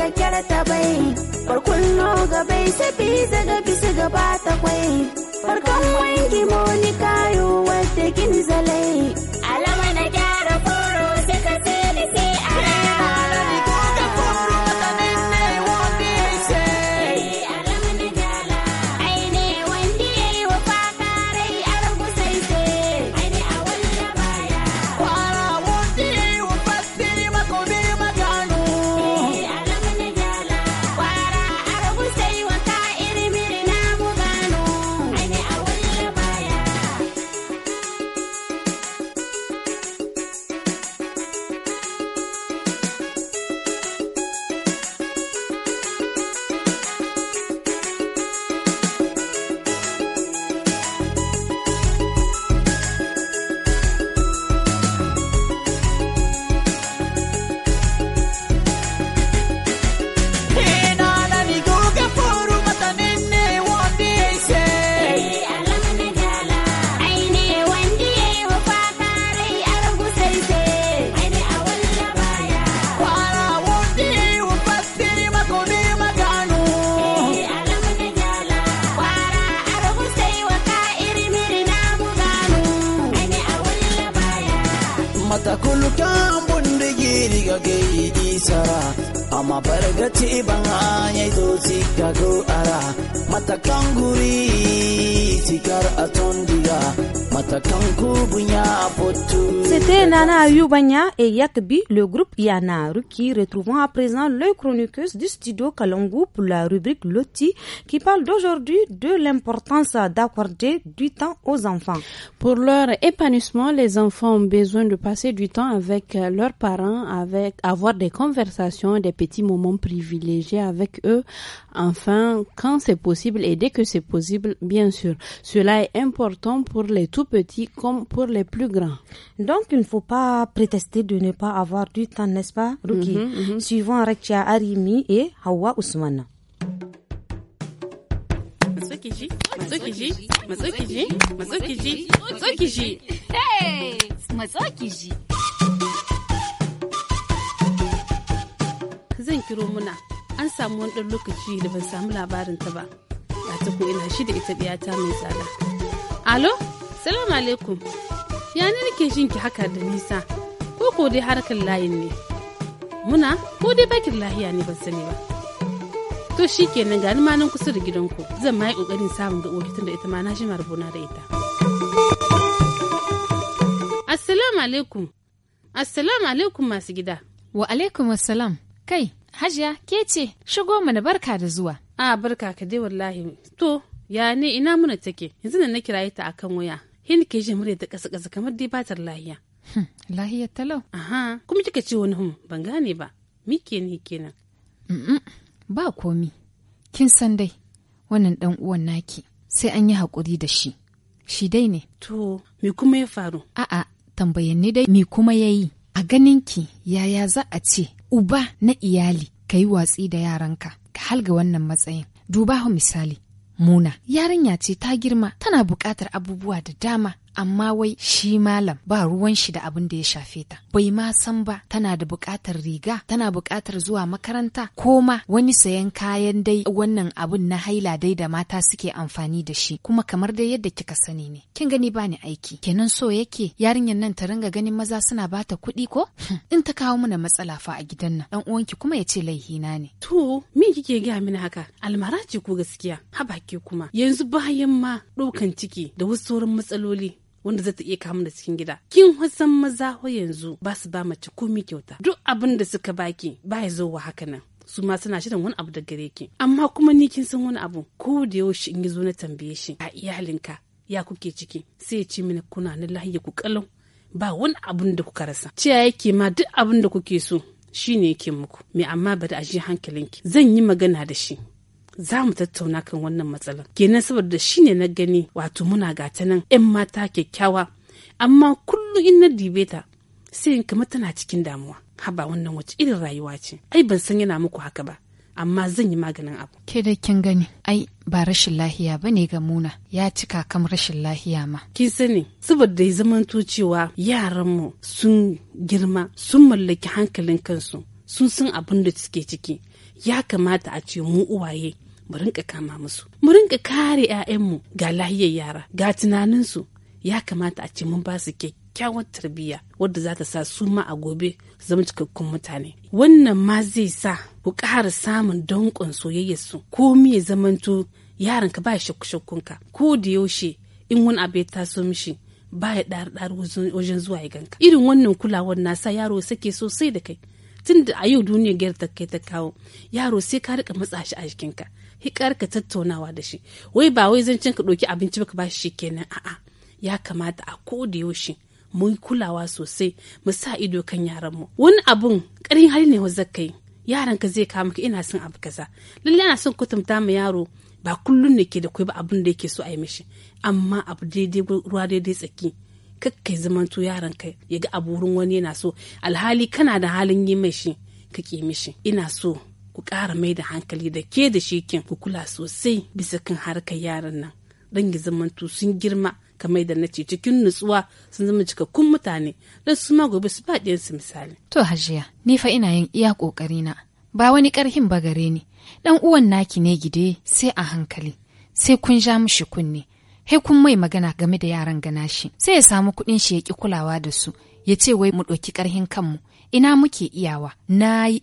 ga kyar ta bai farkullo ga bai sabi daga bisa gaba ta kwai farkon wanki monika yo wadda Mata kulkaan bondee geerri gagee C'était Nana Ayubanya et Yakbi, le groupe Yanaru qui retrouvons à présent le chroniqueuse du studio Kalongo pour la rubrique Loti qui parle d'aujourd'hui de l'importance d'accorder du temps aux enfants. Pour leur épanouissement, les enfants ont besoin de passer du temps avec leurs parents, avec avoir des conversations, des petits moments privilégiés avec eux, enfin, quand c'est possible et dès que c'est possible, bien sûr. Cela est important pour les tout petits comme pour les plus grands. Donc, il ne faut pas prétester de ne pas avoir du temps, n'est-ce pas, Ruki? Mhm, mhm. Arimi et Hawa Ousmane. Hey! zan kiro muna an samu wani ɗan lokaci da ban samu labarin ta ba ba ta ko ina shi da ita ɗiyata mai tsada alo salamu alaikum ya ne nake jin ki haka da nisa ko ko dai harkar layin ne muna ko dai bakin lahiya ne ban sani ba to shi kenan gani ma nan kusa da gidanku zan ma yi ƙoƙarin samun ga tun da ita ma na shi marbuna da ita assalamu alaikum assalamu alaikum masu gida wa alaikum assalam Kai, Hajiya, ke ce, shigo mana barka da zuwa. A barka ka dai wallahi. To, ya ne ina muna take? Yanzu da na kiraye ta a kan waya. Hin ke ji murya da ƙasa-ƙasa kamar dai batar lahiya. Hmm, lahiya talau. Aha, kuma kika ce wani hun ban gane ba. Mi ke ne kenan? Ba komi. Kin san dai, wannan dan uwan naki sai an yi haƙuri da shi. Shi dai ne. To, me kuma ya faru? A'a, ni dai me kuma ya yi? A ki yaya za a ce uba na iyali ka yi watsi da yaranka ka halga wannan matsayin duba misali muna yarinya ce ta girma tana buƙatar abubuwa da dama amma wai shi malam ba ruwan shi da abin da ya shafe ta bai ma san ba tana da bukatar riga tana bukatar zuwa makaranta ko ma wani sayan kayan dai wannan abin na haila dai da mata suke amfani da shi kuma kamar dai yadda kika sani ne kin gani ba ni aiki kenan so yake yarinyar nan ta ringa ganin maza suna bata kuɗi ko hm, in ta kawo mana matsala fa a gidan nan dan uwanki kuma ya ce laihina ne to me kike gaya mini haka almara ce ko gaskiya haba ke kuma yanzu bayan ma ɗaukan ciki da wasu sauran matsaloli wanda za ta iya kama da cikin gida kin wasan maza yanzu ba su ba mace komi kyauta duk abin da suka baki ba ya zo wa haka nan su ma suna shirin wani abu da gare ki amma kuma ni kin san wani abu ko da yaushe in zo na tambaye shi a iyalinka ya kuke ciki sai ya ci mini kuna na lahiya ku kalau ba wani abun da kuka rasa ciya yake ma duk abun da kuke so shine yake muku me amma bari a ji hankalinki zan yi magana da shi za mu tattauna kan wannan matsalar kenan saboda shine na gani wato muna gata nan 'yan mata kyakkyawa amma kullum in na dibe ta sai kamar tana cikin damuwa haba wannan wace irin rayuwa ce ai ban san yana muku haka ba amma zan yi maganin abu ke da kin gani ai ba rashin lahiya ba ne ga muna ya cika kam rashin lahiya ma kin sani saboda ya zamanto cewa yaranmu sun girma sun mallaki hankalin kansu sun san abin da suke ciki ya kamata a ce mu uwaye mu rinka kama musu mu rinka kare 'ya'yanmu ga lahiyar yara ga tunaninsu ya kamata a ce mun ba su kyakkyawar tarbiyya wadda za ta sa su ma a gobe su zama cikakkun mutane wannan ma zai sa ku ƙara samun danƙon su ko me zamanto ka ba shakku-shakkunka ko da yaushe in wani abu ya taso mishi ba ya ɗari ɗari wajen zuwa ya ganka irin wannan kulawar na sa yaro sake sosai da kai tun da a yau duniyar gyar ta kai ta kawo yaro sai ka rika matsa shi a jikinka hikar ka tattaunawa da shi wai ba wai zancen ka ɗauki abinci ba ka ba shi kenan a'a ya kamata a ko da yaushe mun kulawa sosai mu sa ido kan yaran mu wani abun ƙarin hali ne wanda kai yaran ka zai kama ka ina son abu kaza lalle ana son kutumta ma yaro ba kullum ne ke da kai ba abun da yake so a yi mishi amma abu daidai ruwa daidai tsaki kakkai zamanto yaran ka ya ga aburin wani yana so alhali kana da halin yi mai shi ka ke mishi ina so ku ƙara mai da hankali da ke da shekin ku kula sosai bisa kan harkar yaran nan dan ya to sun girma kamar da na ce cikin nutsuwa sun zama cikakkun mutane don su ma gobe su faɗi su misali. To hajiya, ni fa ina yin iya ƙoƙari na ba wani ƙarhin ba gare ni. Dan uwan naki ne gide sai a hankali, sai kun ja mishi kunne, he kun mai magana game da yaran ganashi sai ya samu kuɗin shi ya ki kulawa da su ya ce wai mu ɗauki ƙarhin kanmu ina muke iyawa na yi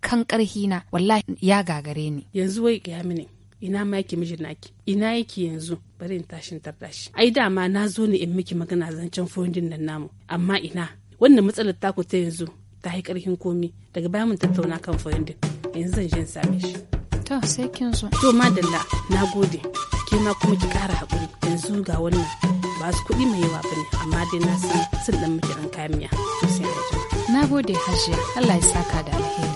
ƙarhi na wallahi ya gagare ni yanzu wai ga mini ina ma yake mijin naki ina yake yanzu bari in tashin tardashi ai dama na zo ne in miki magana zancen fondin nan namu amma ina wannan matsalar taku ta yanzu ta yi karfin komi daga baya mun tattauna kan fondin yanzu zan je in same shi to sai kin zo to madalla na gode ke ma kuma ki ƙara haƙuri yanzu ga wannan ba su kuɗi mai yawa bane amma dai na san sun ɗan miki ɗan kayan miya to sai na gode hajiya Allah ya saka da alheri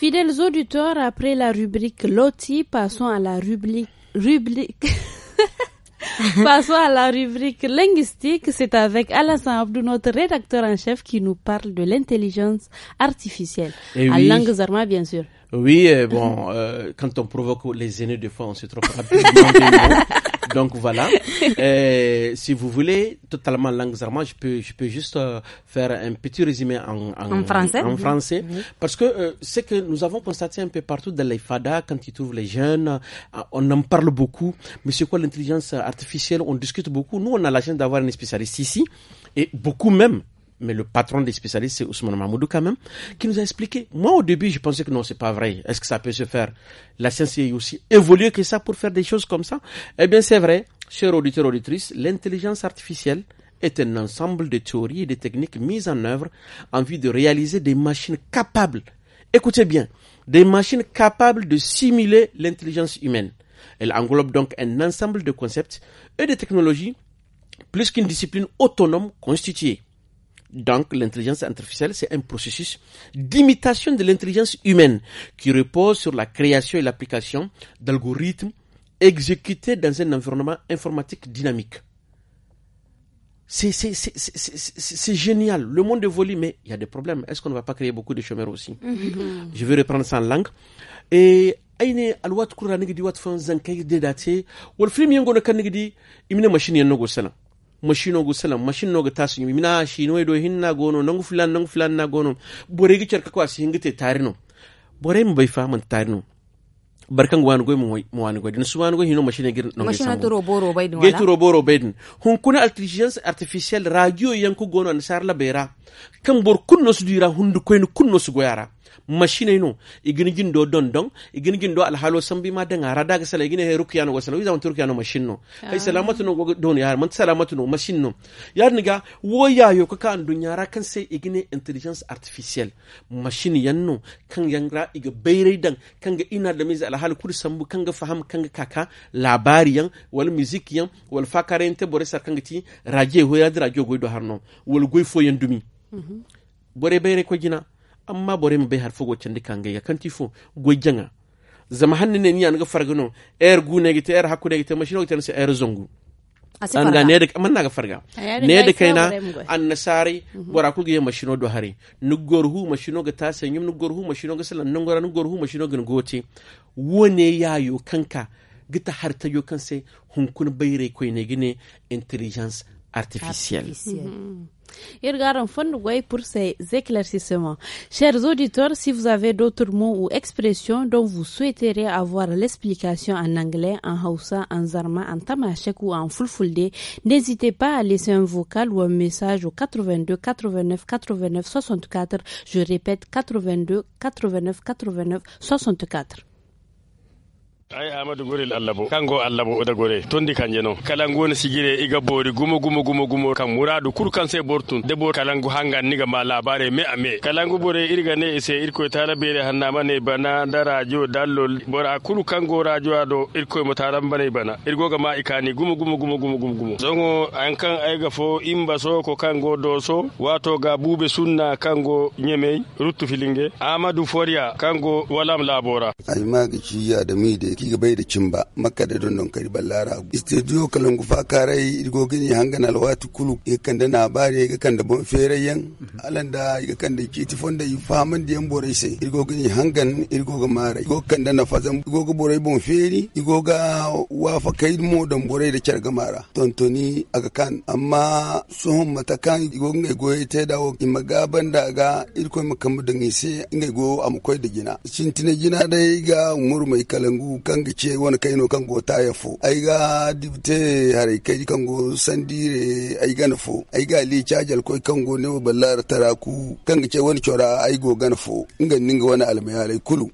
Fidèles auditeurs, après la rubrique Loti, passons à la rubrique, rubrique Passons à la rubrique linguistique. C'est avec Alassane Abdou, notre rédacteur en chef, qui nous parle de l'intelligence artificielle. à eh oui. langue bien sûr. Oui, bon, euh, quand on provoque les aînés, des fois, on se trompe rapidement. Donc voilà. si vous voulez, totalement langue je peux, je peux juste euh, faire un petit résumé en, en, français. Parce que euh, c'est que nous avons constaté un peu partout dans les FADA, quand ils trouvent les jeunes, on en parle beaucoup. Mais c'est quoi l'intelligence artificielle On discute beaucoup. Nous, on a la chance d'avoir un spécialiste ici. Et beaucoup même mais le patron des spécialistes, c'est Ousmane Mahmoudou quand même, qui nous a expliqué. Moi, au début, je pensais que non, c'est pas vrai. Est-ce que ça peut se faire La science est aussi évoluée que ça pour faire des choses comme ça Eh bien, c'est vrai, chers auditeurs, auditrices, l'intelligence artificielle est un ensemble de théories et de techniques mises en œuvre en vue de réaliser des machines capables, écoutez bien, des machines capables de simuler l'intelligence humaine. Elle englobe donc un ensemble de concepts et de technologies plus qu'une discipline autonome constituée. Donc l'intelligence artificielle, c'est un processus d'imitation de l'intelligence humaine qui repose sur la création et l'application d'algorithmes exécutés dans un environnement informatique dynamique. C'est génial. Le monde évolue, mais il y a des problèmes. Est-ce qu'on ne va pas créer beaucoup de chômeurs aussi Je vais reprendre ça en langue. Et mashino mashinogu salam mashino mashinogu tasu yimi mina shino edo hinna gono nangu fulan nangu fulan na gono bore gi cerka ko asi hingite tarino bore mi bai faman tarino barkan wani goy mo wani goy su wani goy hino mashino gi nangu mashino to robo robo baydin wala geto robo robo baydin hun kuna intelligence artificielle radio yanku gono an sarla bera kam bor kunno su dira hundu koyno kunno su goyara machine no igini do don don igini gindo alhalo sambi ma danga rada ga sala igini rukiya no sala wiza turkiya no machine no ah. ai salamatu no don yar man salamatu no machine no yar niga wo yo ka kan dunya ra kan sai igini intelligence artificial machine yanno kan yangra iga bayrai dan kan ga ina da miza alhalo kur sambu kan ga faham kan ga kaka labari yan wal music yan wal fakaren te bore kan ga ti radio ho ya radio do harno wal fo yan dumi mhm. bore beire ko gina amma bore bai har fogo candi kangai ga kanti fo goy janga zama hanne ne ni anga farga no air er gu ne gite air er hakku ne gite mashino gite se air er zongu an ga ne da man na ga farga ne da kaina an nasari mhm. bora ku ge mashino do hari nu gorhu mashino ga tasan yim nu gorhu mashino ga sallan nu gora nu gorhu mashino ga gote wone yayo kanka gita harta yo kan sai hunkun bayre koy ne gine intelligence Mhm. un fond de -hmm. pour ces éclaircissements. Chers auditeurs, si vous avez d'autres mots ou expressions dont vous souhaiterez avoir l'explication en anglais, en hausa, en zarma, en tamashek ou en fulfulde, n'hésitez pas à laisser un vocal ou un message au 82 89 89 64. Je répète 82 89 89 64. ay amadu gorel allabo kango allabo oda gore tondi kanje non kala ngone sigire iga bori gumo gumo gumo gumo kam muradu kur kan se bortun debo kala ngu hangan niga ma labare me ame kala ngu bore irga ne ise irko tara bere hanna mane bana da jo dallo bora kuru kango rajo ado irko mo tara bane bana irgo ga ma ikani gumo gumo gumo gumo gumo gumo zongo an kan ay ga fo imba so ko kango do so wato ga bube sunna kango nyeme ruttu filinge amadu foria kango walam labora ay magi ciya da mi de ki bai da cimba makka da dondon kari lara studio kalangu fa karai irgo gini hangana alwatu kulu kan da na ya kan da bon fereyen alanda ga kanda kiti fonda yi faman da yan borai sai irgo gini hangan irgo ga mara irgo da na fazan irgo ga borai bon feri irgo ga fa kai mo don borai da kyar mara tontoni aga kan amma sohon matakan irgo ngai goye ta dawo magaban da ga irko makamu da ngise ngai go amkoi da gina cintine gina dai ga umur mai kalangu Kanga ce wani kaino kango ya fo ai ga dibte hare kai kango sandire ai ga fo ai ga li chajal koi kango ne ballar taraku Kanga ce wani chora ai go gana fo ngan ninga wani almayare kulu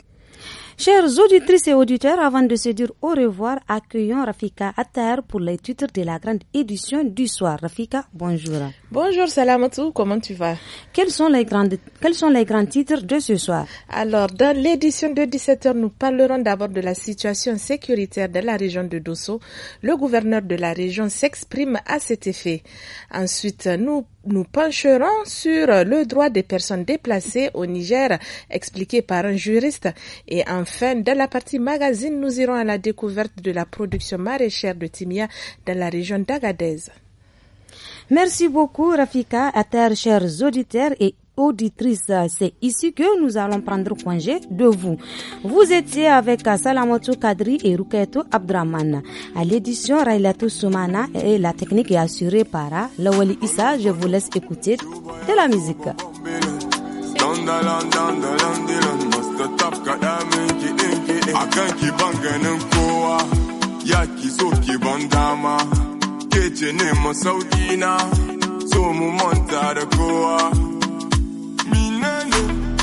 Chers auditrices et auditeurs, avant de se dire au revoir, accueillons Rafika Attar pour les titres de la grande édition du soir. Rafika, bonjour. Bonjour Salamatou, comment tu vas quels sont, les grandes, quels sont les grands titres de ce soir Alors, dans l'édition de 17h, nous parlerons d'abord de la situation sécuritaire de la région de Dosso. Le gouverneur de la région s'exprime à cet effet. Ensuite, nous nous pencherons sur le droit des personnes déplacées au Niger, expliqué par un juriste. Et enfin, dans la partie magazine, nous irons à la découverte de la production maraîchère de Timia dans la région d'Agadez. Merci beaucoup, Rafika. À terre, chers auditeurs, et auditrices, c'est ici que nous allons prendre congé de vous. Vous étiez avec Salamoto Kadri et Ruketo Abdraman. À l'édition, Railato Soumana et la technique est assurée par Lawali Issa. Je vous laisse écouter de la musique.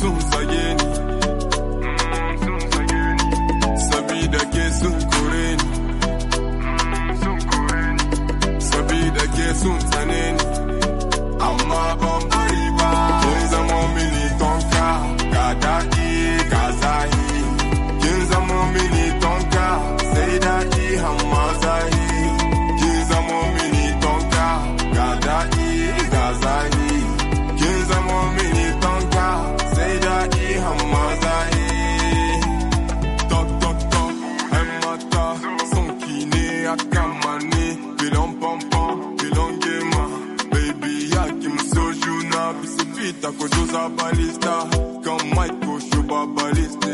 sun tsage ni sabida ke sun kore ni sabida ke sun tsane amma ban Taco Josa Balista, Michael, Mike Shoba Balista.